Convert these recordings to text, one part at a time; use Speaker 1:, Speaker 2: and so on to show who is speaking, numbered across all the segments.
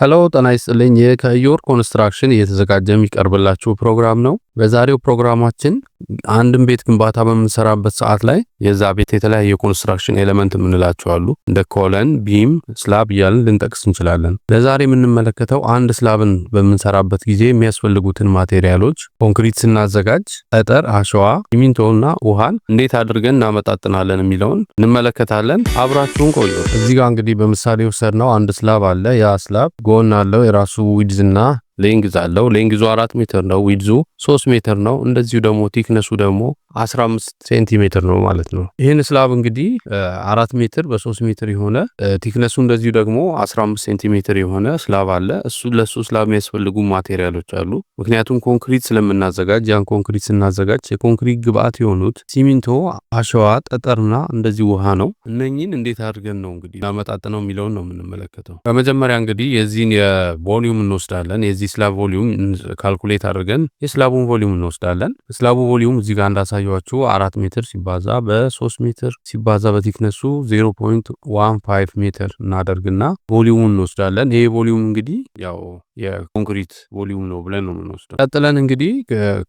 Speaker 1: ሄሎ ጤና ይስጥልኝ። ይህ ከኢዮር ኮንስትራክሽን እየተዘጋጀ የሚቀርብላችሁ ፕሮግራም ነው። በዛሬው ፕሮግራማችን አንድን ቤት ግንባታ በምንሰራበት ሰዓት ላይ የዛ ቤት የተለያየ ኮንስትራክሽን ኤሌመንት የምንላቸው አሉ። እንደ ኮለን፣ ቢም፣ ስላብ እያልን ልንጠቅስ እንችላለን። ለዛሬ የምንመለከተው አንድ ስላብን በምንሰራበት ጊዜ የሚያስፈልጉትን ማቴሪያሎች ኮንክሪት ስናዘጋጅ ጠጠር፣ አሸዋ፣ ሲሚንቶና ውሃን እንዴት አድርገን እናመጣጥናለን የሚለውን እንመለከታለን። አብራችሁን ቆዩ። እዚህ ጋር እንግዲህ በምሳሌ ውሰድ ነው አንድ ስላብ አለ። ያ ስላብ ጎን አለው የራሱ ዊድዝና ሌንግዝ አለው። ሌንግዙ አራት ሜትር ነው። ዊድዙ ሶስት ሜትር ነው። እንደዚሁ ደግሞ ቲክነሱ ደግሞ 15 ሴንቲሜትር ነው ማለት ነው። ይህን ስላብ እንግዲህ አራት ሜትር በሶስት ሜትር የሆነ ቲክነሱ እንደዚሁ ደግሞ 15 ሴንቲሜትር የሆነ ስላብ አለ። እሱ ለእሱ ስላብ የሚያስፈልጉ ማቴሪያሎች አሉ። ምክንያቱም ኮንክሪት ስለምናዘጋጅ ያን ኮንክሪት ስናዘጋጅ የኮንክሪት ግብአት የሆኑት ሲሚንቶ፣ አሸዋ፣ ጠጠርና እንደዚህ ውሃ ነው። እነኝን እንዴት አድርገን ነው እንግዲህ ላመጣጥነው የሚለውን ነው የምንመለከተው። በመጀመሪያ እንግዲህ የዚህን የቮሊዩም እንወስዳለን። የዚህ ስላብ ቮሊዩም ካልኩሌት አድርገን የስላቡን ቮሊዩም እንወስዳለን። ስላቡ ቮሊዩም እዚህ ጋር እንዳሳ እንዳሳየኋችሁ አራት ሜትር ሲባዛ በሶስት ሜትር ሲባዛ በቲክነሱ 0.15 ሜትር እናደርግና ቮሊዩሙን እንወስዳለን። ይሄ ቮሊዩም እንግዲህ ያው የኮንክሪት ቮሊዩም ነው ብለን ነው የምንወስደው። ቀጥለን እንግዲህ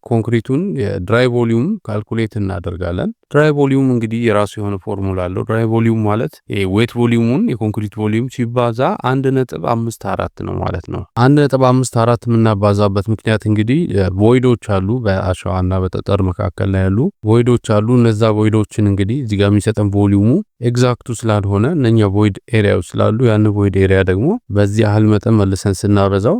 Speaker 1: ኮንክሪቱን የድራይ ቮሊዩም ካልኩሌት እናደርጋለን። ድራይ ቮሊዩም እንግዲህ የራሱ የሆነ ፎርሙላ አለው። ድራይ ቮሊዩም ማለት ዌት ቮሊዩሙን የኮንክሪት ቮሊዩም ሲባዛ አንድ ነጥብ አምስት አራት ነው ማለት ነው። አንድ ነጥብ አምስት አራት የምናባዛበት ምክንያት እንግዲህ ቮይዶች አሉ፣ በአሸዋና በጠጠር መካከል ላይ ያሉ ቮይዶች አሉ። እነዛ ቮይዶችን እንግዲህ እዚጋ የሚሰጠን ቮሊዩሙ ኤግዛክቱ ስላልሆነ እነኛ ቮይድ ኤሪያ ስላሉ ያን ቮይድ ኤሪያ ደግሞ በዚህ ያህል መጠን መልሰን ስናበዛው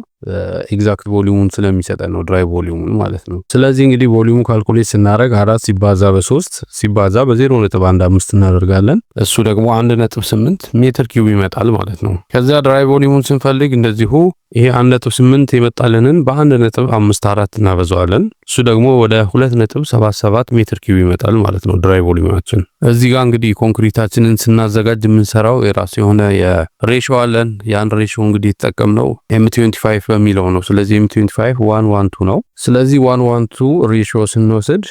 Speaker 1: ኤግዛክት ቮሊሙን ስለሚሰጠ ነው፣ ድራይ ቮሊሙን ማለት ነው። ስለዚህ እንግዲህ ቮሊሙ ካልኩሌት ስናደረግ አራት ሲባዛ በሶስት ሲባዛ በዜሮ ነጥብ አንድ አምስት እናደርጋለን። እሱ ደግሞ አንድ ነጥብ ስምንት ሜትር ኪዩብ ይመጣል ማለት ነው። ከዚያ ድራይ ቮሊሙን ስንፈልግ እንደዚሁ ይሄ አንድ ነጥብ ስምንት የመጣልንን በአንድ ነጥብ አምስት አራት እናበዛዋለን። እሱ ደግሞ ወደ ሁለት ነጥብ ሰባት ሰባት ሜትር ኪዩብ ይመጣል ማለት ነው ድራይ ቮሊማችን። እዚህ ጋር እንግዲህ ኮንክሪታችንን ስናዘጋጅ የምንሰራው የራሱ የሆነ የሬሾ አለን። የአንድ ሬሾ እንግዲህ የተጠቀምነው ኤም ትዌንቲ ፋይቭ በሚለው ነው። ስለዚህ ኤም 25 112 ነው። ስለዚህ 112 ሬሾ ስንወስድ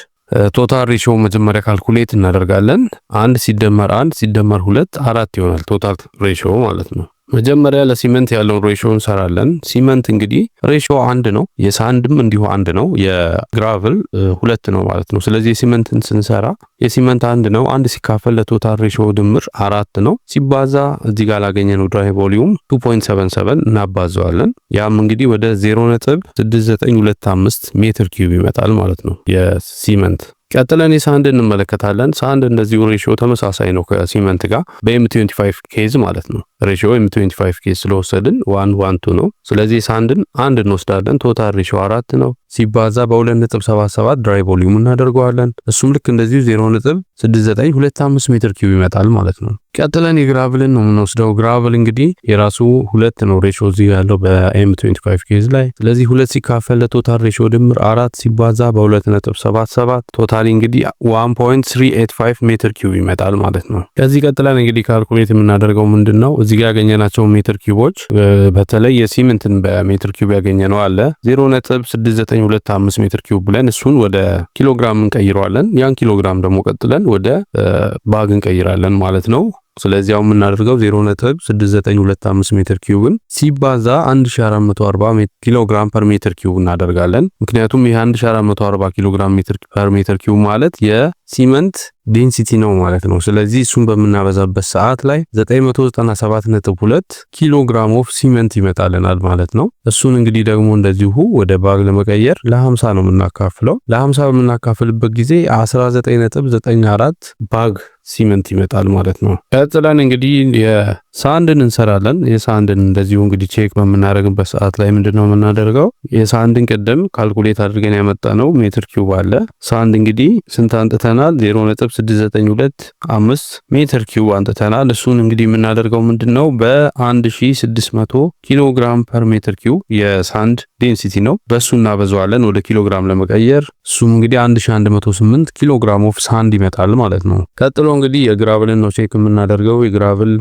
Speaker 1: ቶታል ሬሾ መጀመሪያ ካልኩሌት እናደርጋለን። አንድ ሲደመር አንድ ሲደመር ሁለት አራት ይሆናል ቶታል ሬሾ ማለት ነው። መጀመሪያ ለሲመንት ያለውን ሬሾ እንሰራለን። ሲመንት እንግዲህ ሬሾ አንድ ነው፣ የሳንድም እንዲሁ አንድ ነው፣ የግራቭል ሁለት ነው ማለት ነው። ስለዚህ የሲመንትን ስንሰራ የሲመንት አንድ ነው፣ አንድ ሲካፈል ለቶታል ሬሾ ድምር አራት ነው፣ ሲባዛ እዚህ ጋር ላገኘነው ድራይ ቮሊዩም 2.77 እናባዘዋለን። ያም እንግዲህ ወደ 0.6925 ሜትር ኪዩብ ይመጣል ማለት ነው የሲመንት ቀጥለን የሳንድ እንመለከታለን። ሳንድ እንደዚሁ ሬሽዮ ተመሳሳይ ነው ከሲመንት ጋር በኤም25 ኬዝ ማለት ነው። ሬሽዮ ኤም25 ኬዝ ስለወሰድን ዋን ዋንቱ ነው። ስለዚህ ሳንድን አንድ እንወስዳለን። ቶታል ሬሽዮ አራት ነው። ሲባዛ በ2.77 ድራይ ቮሊዩም እናደርገዋለን። እሱም ልክ እንደዚሁ 0.6925 ሜትር ኪዩብ ይመጣል ማለት ነው። ቀጥለን የግራቭልን ነው የምንወስደው። ግራቭል እንግዲህ የራሱ ሁለት ነው ሬሾ እዚህ ያለው በኤም25 ኬዝ ላይ ስለዚህ ሁለት ሲካፈል ለቶታል ሬሾ ድምር አራት ሲባዛ በ2.77 ቶታሊ እንግዲህ 1.385 ሜትር ኪዩብ ይመጣል ማለት ነው። ከዚህ ቀጥለን እንግዲህ ካልኩሌት የምናደርገው ምንድን ነው እዚህ ጋር ያገኘናቸው ሜትር ኪዩቦች በተለይ የሲምንትን በሜትር ኪዩብ ነው አለ 0.69 0.25 ሜትር ኪዩብ ብለን እሱን ወደ ኪሎግራም እንቀይረዋለን። ያን ኪሎግራም ደግሞ ቀጥለን ወደ ባግ እንቀይራለን ማለት ነው። ስለዚህ አሁን የምናደርገው 0.6925 ሜትር ኪዩብን ሲባዛ 1440 ኪሎ ግራም ፐር ሜትር ኪዩብ እናደርጋለን። ምክንያቱም ይህ 1440 ኪሎ ግራም ፐር ሜትር ኪዩብ ማለት የ ሲመንት ዴንሲቲ ነው ማለት ነው። ስለዚህ እሱን በምናበዛበት ሰዓት ላይ 997.2 ኪሎ ግራም ኦፍ ሲመንት ይመጣልናል ማለት ነው። እሱን እንግዲህ ደግሞ እንደዚሁ ወደ ባግ ለመቀየር ለ50 ነው የምናካፍለው። ለ50 በምናካፍልበት ጊዜ 19.94 ባግ ሲመንት ይመጣል ማለት ነው። ቀጥለን እንግዲህ ሳንድን እንሰራለን። የሳንድን እንደዚሁ እንግዲህ ቼክ በምናደርግበት ሰዓት ላይ ምንድነው የምናደርገው? የሳንድን ቅድም ካልኩሌት አድርገን ያመጣ ነው ሜትር ኪዩብ አለ። ሳንድ እንግዲህ ስንት አንጥተናል? 0.6925 ሜትር ኪዩብ አንጥተናል። እሱን እንግዲህ የምናደርገው ምንድነው በ1600 ኪሎ ግራም ፐር ሜትር ኪዩብ የሳንድ ዴንሲቲ ነው። በእሱ እናበዛዋለን ወደ ኪሎ ግራም ለመቀየር። እሱም እንግዲህ 1108 ኪሎ ግራም ኦፍ ሳንድ ይመጣል ማለት ነው። ቀጥሎ እንግዲህ የግራቭልን ነው ቼክ የምናደርገው የግራቭል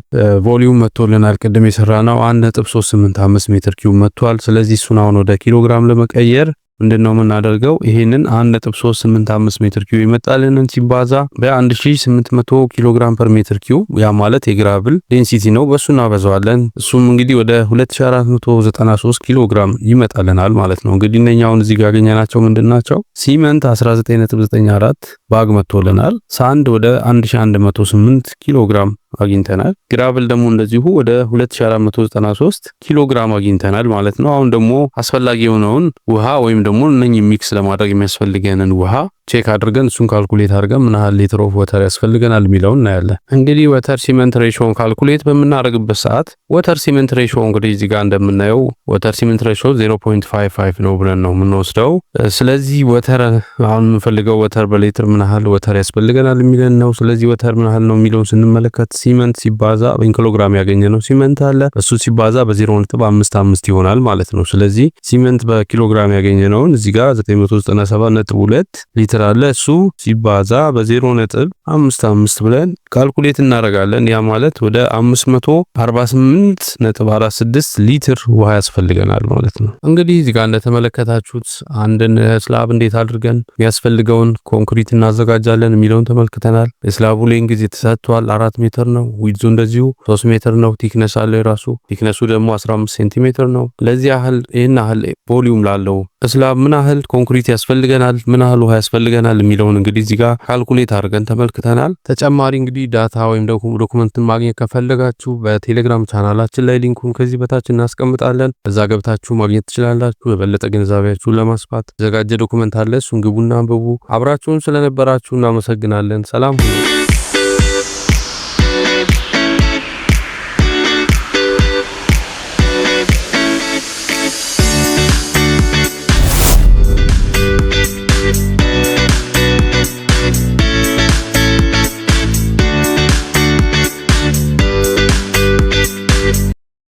Speaker 1: ቮሊዩም መጥቶልናል። ቅድም የሰራ ነው 1.385 ሜትር ኪዩብ መጥቷል። ስለዚህ እሱን አሁን ወደ ኪሎግራም ለመቀየር ምንድነው የምናደርገው? ይሄንን 1.385 ሜትር ኪዩብ ይመጣልንን ሲባዛ በ1800 ኪሎግራም ፐር ሜትር ኪዩብ ያ ማለት የግራብል ዴንሲቲ ነው። በእሱ እናበዛዋለን። እሱም እንግዲህ ወደ 2493 ኪሎግራም ይመጣልናል ማለት ነው። እንግዲህ እነኛውን እዚህ ጋር ያገኘናቸው ምንድን ናቸው? ሲመንት 1994 ባግ መጥቶልናል። ሳንድ ወደ 1108 ኪሎ ግራም አግኝተናል። ግራብል ደግሞ እንደዚሁ ወደ 2493 ኪሎ ግራም አግኝተናል ማለት ነው። አሁን ደግሞ አስፈላጊ የሆነውን ውሃ ወይም ደግሞ እነኚህ ሚክስ ለማድረግ የሚያስፈልገንን ውሃ ቼክ አድርገን እሱን ካልኩሌት አድርገን ምን ያህል ሊትር ኦፍ ወተር ያስፈልገናል የሚለውን እናያለን። እንግዲህ ወተር ሲመንት ሬሾን ካልኩሌት በምናደርግበት ሰዓት ወተር ሲመንት ሬሾ እንግዲህ እዚህ ጋር እንደምናየው ወተር ሲመንት ሬሾ 0.55 ነው ብለን ነው የምንወስደው። ስለዚህ ወተር አሁን የምንፈልገው ወተር በሊትር ምን ያህል ወተር ያስፈልገናል የሚለን ነው። ስለዚህ ወተር ምን ያህል ነው የሚለውን ስንመለከት ሲመንት ሲባዛ በኪሎግራም ያገኘ ነው ሲመንት አለ እሱ ሲባዛ በ0.55 ይሆናል ማለት ነው። ስለዚህ ሲመንት በኪሎግራም ያገኘ ነውን እዚህ ጋር 997.2 ሊትር ስላለ እሱ ሲባዛ በ ነጥብ አምስት ብለን ካልኩሌት እናደርጋለን። ያ ማለት ወደ 548.46 46 ሊትር ውሃ ያስፈልገናል ማለት ነው። እንግዲህ እዚህ ጋር እንደተመለከታችሁት አንድን ስላብ እንዴት አድርገን የሚያስፈልገውን ኮንክሪት እናዘጋጃለን የሚለውን ተመልክተናል። የስላቡ ሌንግዝ ተሰጥቷል። አራት ሜትር ነው። ዊድዙ እንደዚሁ ሶስት ሜትር ነው። ቲክነስ አለው የራሱ ቲክነሱ ደግሞ 15 ሴንቲሜትር ነው። ለዚህ ያህል ይህን ያህል ቮሊዩም ላለው እስላ ምን ያህል ኮንክሪት ያስፈልገናል፣ ምን ያህል ውሃ ያስፈልገናል የሚለውን እንግዲህ እዚህ ጋር ካልኩሌት አድርገን ተመልክተናል። ተጨማሪ እንግዲህ ዳታ ወይም ዶኩመንትን ማግኘት ከፈለጋችሁ በቴሌግራም ቻናላችን ላይ ሊንኩን ከዚህ በታች እናስቀምጣለን። እዛ ገብታችሁ ማግኘት ትችላላችሁ። የበለጠ ግንዛቤያችሁን ለማስፋት የተዘጋጀ ዶኩመንት አለ። እሱን ግቡና አንብቡ። አብራችሁን ስለነበራችሁ እናመሰግናለን። ሰላም